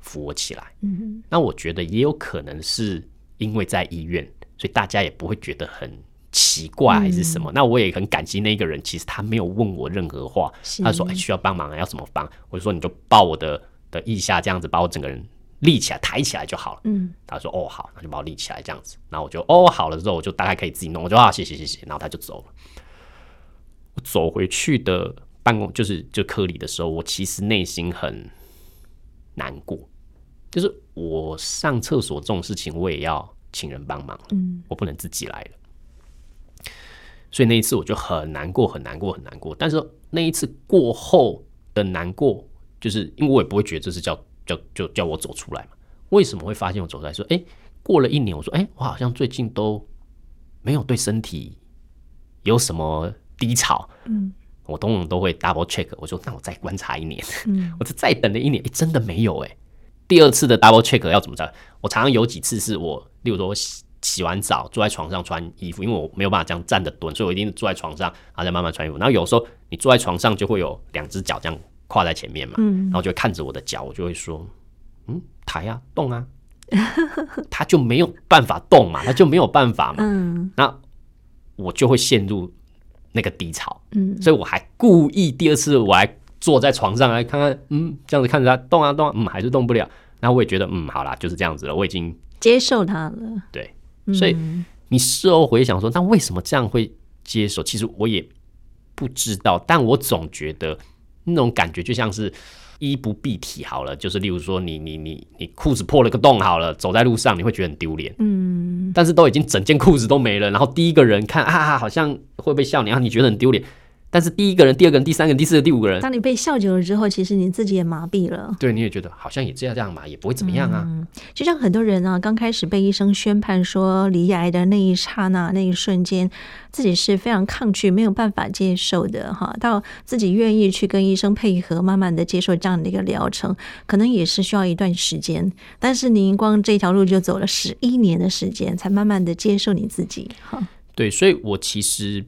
扶我起來？嗯，那我覺得也有可能是因為在醫院，所以大家也不會覺得很奇怪還是什麼。嗯、那我也很感激那個人，其實他沒有問我任何話，是他說、欸、需要幫忙要怎麼幫，我就說你就抱我的。的腋下這樣子把我整個人立起來抬起來就好了。嗯，他說哦好，那就把我立起來這樣子。然後我就哦好了之後，我就大概可以自己弄，我就啊謝謝謝謝。然後他就走了。我走回去的辦公就是就科裡的時候，我其實內心很難過，就是我上廁所這種事情我也要請人幫忙，嗯，我不能自己來了。所以那一次我就很難過很難過很難過。但是那一次過後的難過。就是因為我也不會覺得這是叫叫就叫我走出來嘛？為什麼會發現我走出來？說哎，過了一年，我說哎，我好像最近都沒有對身體有什麼低潮。嗯，我通常都會 double check，我說那我再觀察一年。嗯，我再再等了一年，哎，真的沒有哎、欸。第二次的 double check 要怎麼着？我常常有幾次是我，例如說，我洗洗完澡，坐在床上穿衣服，因為我沒有辦法這樣站着蹲，所以我一定是坐在床上，然後再慢慢穿衣服。然後有時候你坐在床上就會有兩隻腳這樣。跨在前面嘛，嗯，然後就看着我的腳，我就會說：“嗯，抬呀，啊，動啊。 (laughs) ”他就沒有辦法動嘛，啊，他就沒有辦法嘛。嗯，那我就會陷入那個低潮。嗯，所以我還故意第二次，我還坐在床上來看看，嗯，這樣子看着他動啊動啊，嗯，還是動不了。那我也覺得，嗯，好啦，就是這樣子了，我已經接受他了。對，所以，嗯，你事後回想說，那為什麼這樣會接受？其實我也不知道，但我總覺得。那種感覺就像是衣不蔽體好了，就是例如說你你你你褲子破了個洞好了，走在路上你會覺得很丟臉，嗯，但是都已經整件褲子都沒了，然後第一個人看啊，好像會被笑你啊，你覺得很丟臉。但是第一個人、第二個人、第三個人、第四個、第五個人，當你被笑久了之後，其實你自己也麻痹了。對，你也覺得好像也這樣這樣嘛，也不會怎麼樣啊。嗯，就像很多人啊，剛開始被醫生宣判說罹癌的那一剎那、那一瞬間，自己是非常抗拒、沒有辦法接受的。哈，到自己願意去跟醫生配合，慢慢的接受這樣的一個療程，可能也是需要一段時間。但是你光這條路就走了十一年的時間，才慢慢的接受你自己。哈、嗯，對，所以我其實。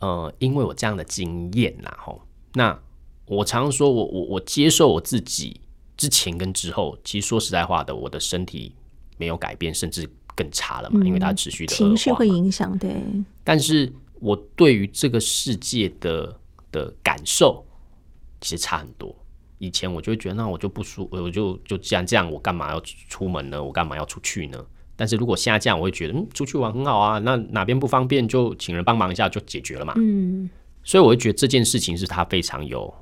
呃，因為我這樣的經驗，然後，那我常說我我我接受我自己之前跟之後，其實說實在話的，我的身體沒有改變，甚至更差了嘛，嗯、因為它持續的情緒會影響對。但是我對於這個世界的的感受其實差很多。以前我就會覺得，那我就不舒，我就就既然這樣，這樣我幹嘛要出門呢？我幹嘛要出去呢？但是如果下降，我會覺得，嗯，出去玩很好啊，那哪邊不方便就請人幫忙一下就解決了嘛。嗯，所以我會覺得這件事情是他非常有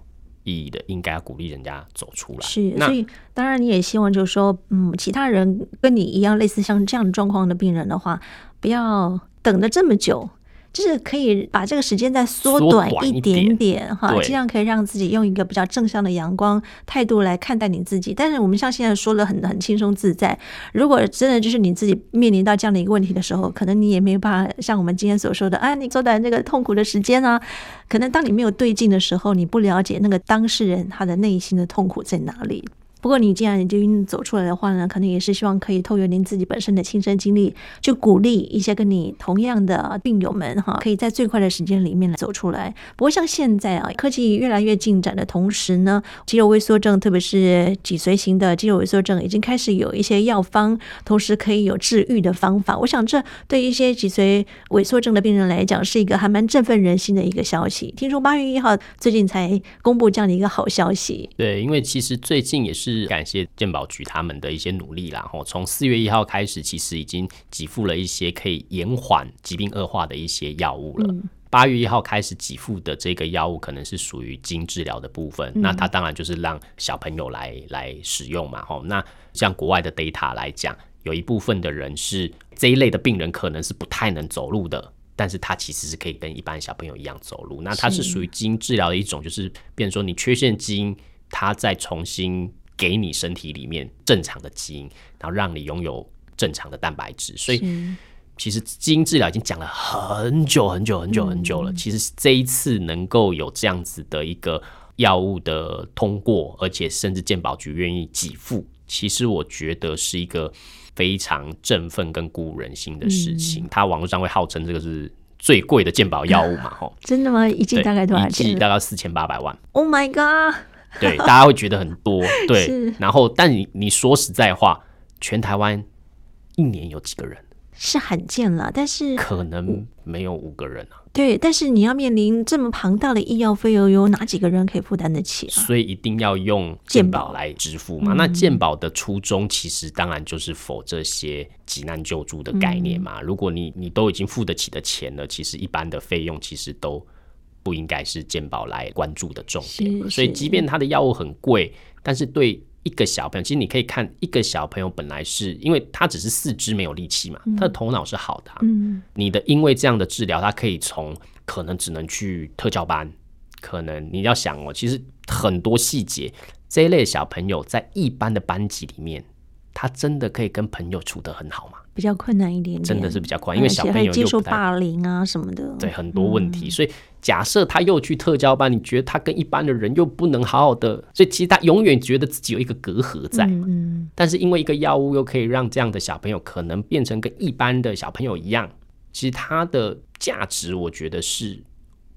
意義的，應該要鼓勵人家走出來。是，那所以當然你也希望就是說，嗯，其他人跟你一樣類似像這樣狀況的病人的話，不要等了這麼久。就是可以把這個時間再縮短一點點，點哈，這樣可以讓自己用一個比較正向的陽光態度來看待你自己。但是我們像現在說的很很輕鬆自在，如果真的就是你自己面臨到這樣的一個問題的時候，可能你也沒有辦法像我們今天所說的啊，你縮短那個痛苦的時間呢，啊，可能當你沒有對勁的時候，你不了解那個當事人他的內心的痛苦在哪裡。不過你既然已經走出來的話呢，可能也是希望可以透過您自己本身的親身經歷，去鼓勵一些跟你同樣的病友們哈，可以在最快的時間裡面走出來。不過像現在啊，科技越來越進展的同時呢，肌肉萎縮症，特別是脊髓型的肌肉萎縮症，已經開始有一些藥方，同時可以有治癒的方法。我想這對一些脊髓萎縮症的病人來講，是一個還蠻振奮人心的一個消息。聽說八月一號最近才公布這樣的一個好消息。對，因為其實最近也是。感謝健保局他們的一些努力啦。從四月一號開始，其實已經給付了一些可以延緩疾病惡化的一些藥物了。八、嗯、月一號開始給付的這個藥物，可能是屬於基因治療的部分、嗯。那它當然就是讓小朋友來來使用嘛。吼，那像國外的 data 來講，有一部分的人是這一類的病人，可能是不太能走路的，但是他其實是可以跟一般小朋友一樣走路。那它是屬於基因治療的一種，就是變成說你缺陷基因，它再重新。給你身體裡面正常的基因，然後讓你擁有正常的蛋白質。所以，其實基因治療已經講了很久很久很久很久了。嗯、其實這一次能夠有這樣子的一個藥物的通過，而且甚至健保局願意給付，其實我覺得是一個非常振奮跟鼓舞人心的事情。嗯、它網絡上會號稱這個是最貴的健保藥物嘛。啊？真的嗎？一劑大概多少錢？一劑大概四千八百萬。Oh my god！對，大家會覺得很多，對， (laughs) 然後，但你你說實在話，全台灣一年有幾個人？是罕見了，但是可能沒有五個人啊。對，但是你要面臨這麼龐大的醫藥費，又有哪幾個人可以負擔得起啊？所以一定要用健保來支付嘛。健那健保的初衷其實當然就是否這些急難救助的概念嘛。嗯嗯，如果你你都已經付得起的錢呢，其實一般的費用其實都。不應該是健保來關注的重點，所以即便他的藥物很貴，但是對一個小朋友，其實你可以看一個小朋友本來是因為他只是四肢沒有力氣嘛，他的頭腦是好的。嗯，你的因為這樣的治療，他可以從可能只能去特教班，可能你要想哦、喔，其實很多細節這一類小朋友在一般的班級裡面，他真的可以跟朋友處得很好嗎？比較困難一點，真的是比較困難，因為小朋友又受霸凌啊什麼的，對很多問題，所以。假設他又去特教班，你覺得他跟一般的人又不能好好的，所以其實他永遠覺得自己有一個隔閡在。嗯，嗯，但是因為一個藥物又可以讓這樣的小朋友可能變成跟一般的小朋友一樣，其實他的價值，我覺得是。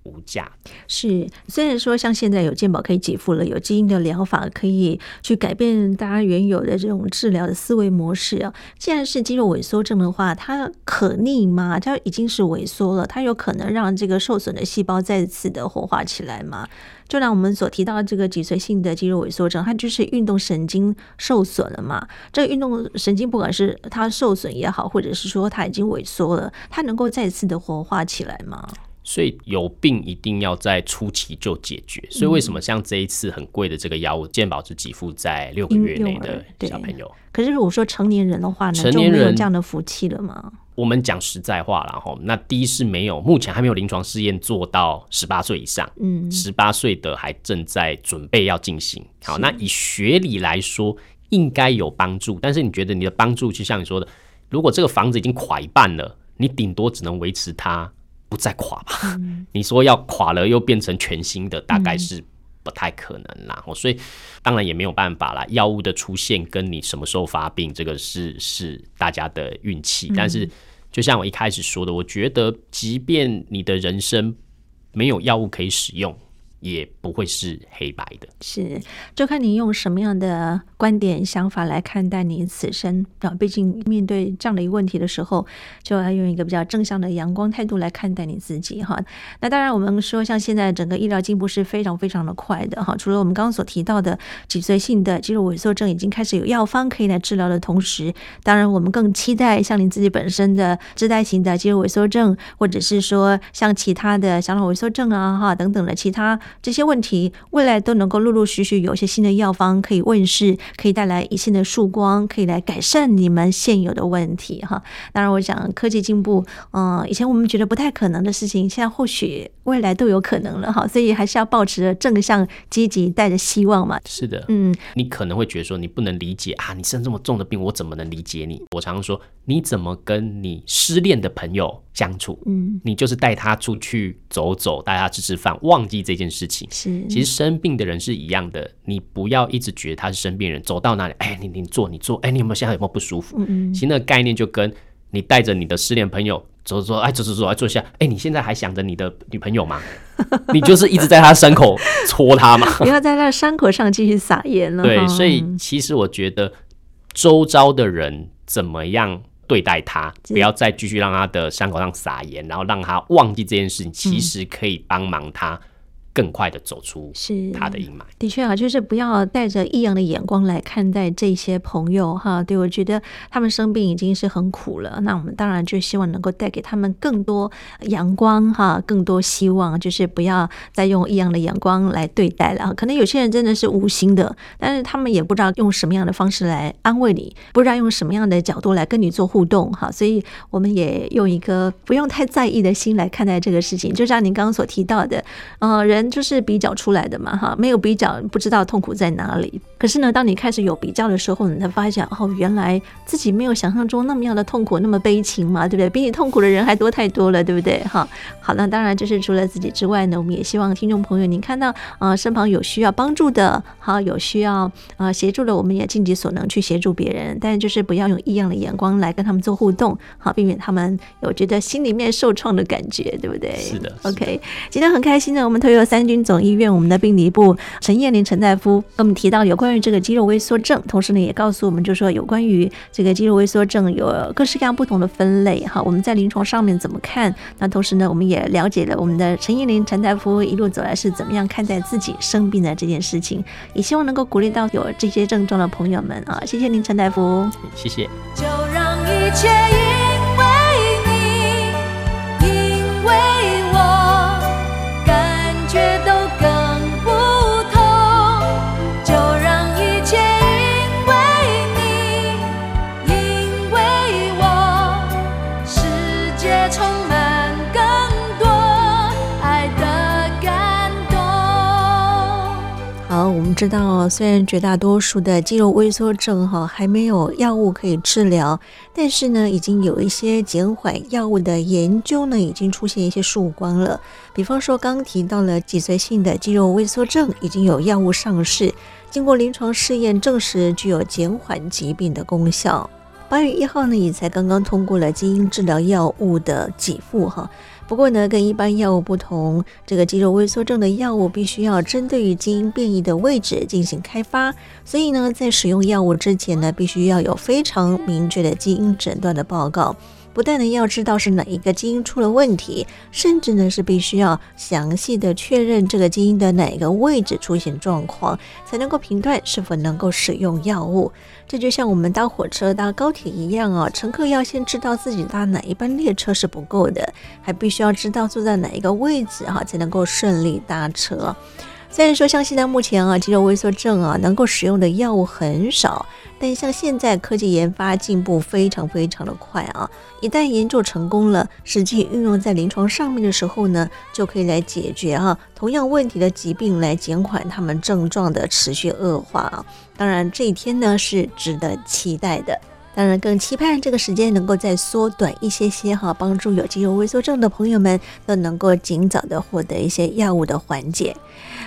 無價是，雖然說像現在有健保可以給付了，有基因的療法可以去改變大家原有的這種治療的思維模式啊。既然是肌肉萎縮症的話，它可逆嗎？它已經是萎縮了，它有可能讓這個受損的細胞再次的活化起來嗎？就像我們所提到的這個脊髓性的肌肉萎縮症，它就是運動神經受損了嘛？這個運動神經不管是它受損也好，或者是說它已經萎縮了，它能夠再次的活化起來嗎？所以有病一定要在初期就解決。嗯、所以為什麼像這一次很貴的這個藥物，健保只給付在六個月內的小朋友。可是如果說成年人的話呢，成年人有這樣的福氣了嗎？我們講實在話，然後那第一是沒有，嗯、目前還沒有臨床試驗做到十八歲以上。嗯，十八歲的還正在準備要進行。好，那以學理來說應該有幫助，但是你覺得你的幫助，就是像你說的，如果這個房子已經垮一半了，你頂多只能維持它，不再垮吧？你說要垮了，又變成全新的，大概是不太可能啦。我所以當然也沒有辦法啦，藥物的出現跟你什麼時候發病，這個是是大家的運氣。但是就像我一開始說的，我覺得即便你的人生沒有藥物可以使用。也不會是黑白的，是就看你用什麼樣的觀點想法來看待你此生啊。畢竟面對這樣的一個問題的時候，就要用一個比較正向的陽光態度來看待你自己哈。那當然，我們說像現在整個醫療進步是非常非常的快的哈。除了我們剛剛所提到的脊髓性的肌肉萎縮症已經開始有藥方可以來治療的同時，當然我們更期待像您自己本身的肢帶型的肌肉萎縮症，或者是說像其他的小腦萎縮症啊哈等等的其他。這些問題未來都能夠陸陸續續有一些新的藥方可以問世，可以帶來一線的曙光，可以來改善你們現有的問題哈。當然，我想科技進步，嗯，以前我們覺得不太可能的事情，現在或許未來都有可能了哈。所以還是要保持着正向、積極、帶着希望嘛。是的，嗯，你可能會覺得說你不能理解啊，你生這麼重的病，我怎麼能理解你？我常常說，你怎麼跟你失戀的朋友相處？嗯，你就是帶他出去走走，帶他吃吃飯，忘記這件事。事情是，其實生病的人是一樣的，你不要一直覺得他是生病人，走到哪裡，哎、欸，你你坐你坐，哎、欸，你有沒有現在有沒有不舒服？嗯嗯。其實那個概念就跟你帶着你的失戀朋友走走，哎，走走走，哎，坐下，哎，你現在還想着你的女朋友嗎？ (laughs) 你就是一直在他傷口戳他嘛， (laughs) 不要在那傷口上繼續撒鹽了。 (laughs) 對，所以其實我覺得周遭的人怎麼樣對待他，不要再繼續讓他的傷口上撒鹽，然後讓他忘記這件事情，其實可以幫忙他。嗯更快的走出是他的陰霾。的確啊，就是不要帶着異樣的眼光來看待這些朋友哈。對，我覺得他們生病已經是很苦了，那我們當然就希望能夠帶給他們更多陽光哈，更多希望。就是不要再用異樣的眼光來對待了。可能有些人真的是無心的，但是他們也不知道用什麼樣的方式來安慰你，不知道用什麼樣的角度來跟你做互動哈。所以我們也用一顆不用太在意的心來看待這個事情。就像您剛剛所提到的，呃……人。就是比較出來的嘛，哈，沒有比較不知道痛苦在哪裡。可是呢，當你開始有比較的時候，你才發現哦，原來自己沒有想象中那麼樣的痛苦，那麼悲情嘛，對不對？比你痛苦的人還多太多了，對不對？哈，好，那當然就是除了自己之外呢，我們也希望聽眾朋友，您看到啊、呃，身旁有需要幫助的，好，有需要啊、呃、協助的，我們也盡己所能去協助別人。但是就是不要用異樣的眼光來跟他們做互動，好，避免他們有覺得心裡面受創的感覺，對不對？是的，OK，是的，今天很開心呢，我們都有三軍總醫院我們的病理部陳彥麟陳大夫跟我們提到有關於這個肌肉萎縮症，同時呢也告訴我們就說有關於這個肌肉萎縮症有各式各樣不同的分類哈。我們在臨床上面怎麼看？那同時呢我們也了解了我們的陳彥麟陳大夫一路走來是怎麼樣看待自己生病的這件事情，也希望能夠鼓勵到有這些症狀的朋友們啊！謝謝您，陳大夫，謝謝。就讓一切知道，雖然絕大多數的肌肉萎縮症哈還沒有藥物可以治療，但是呢，已經有一些減緩藥物的研究呢，已經出現一些曙光了。比方說，剛提到了脊髓性的肌肉萎縮症已經有藥物上市，經過臨床試驗證實具有減緩疾病的功效。八月一號呢，也才剛剛通過了基因治療藥物的給付哈。不過呢，跟一般藥物不同，這個肌肉萎縮症的藥物必須要針對於基因變異的位置進行開發，所以呢，在使用藥物之前呢，必須要有非常明確的基因診斷的報告。不但呢，要知道是哪一個基因出了問題，甚至呢是必須要詳細的確認這個基因的哪一個位置出現狀況，才能夠評斷是否能夠使用藥物。這就像我們搭火車、搭高鐵一樣啊，乘客要先知道自己搭哪一班列車是不夠的，還必須要知道坐在哪一個位置哈、啊，才能夠順利搭車。雖然說像現在目前啊，肌肉萎縮症啊能夠使用的藥物很少。但像現在科技研發進步非常非常的快啊，一旦研究成功了，實際運用在臨床上面的時候呢，就可以來解決啊同樣問題的疾病，來減緩他們症狀的持續惡化啊。當然，這一天呢是值得期待的。當然，更期盼這個時間能夠再縮短一些些哈，幫助有肌肉萎縮症的朋友們都能夠儘早的獲得一些藥物的緩解。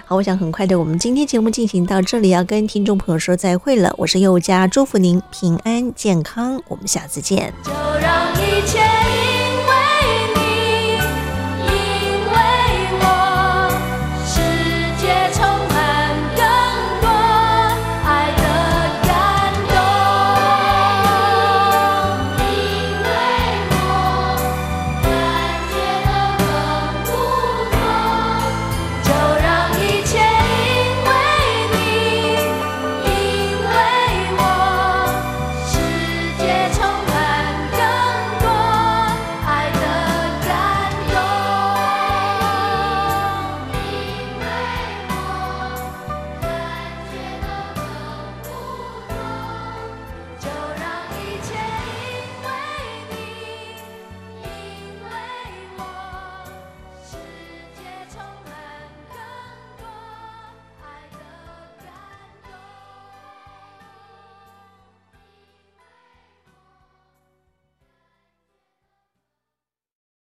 好，我想很快的，我們今天節目進行到這裡，要跟聽眾朋友說再會了。我是佑佳，祝福您平安健康，我們下次見。就讓一切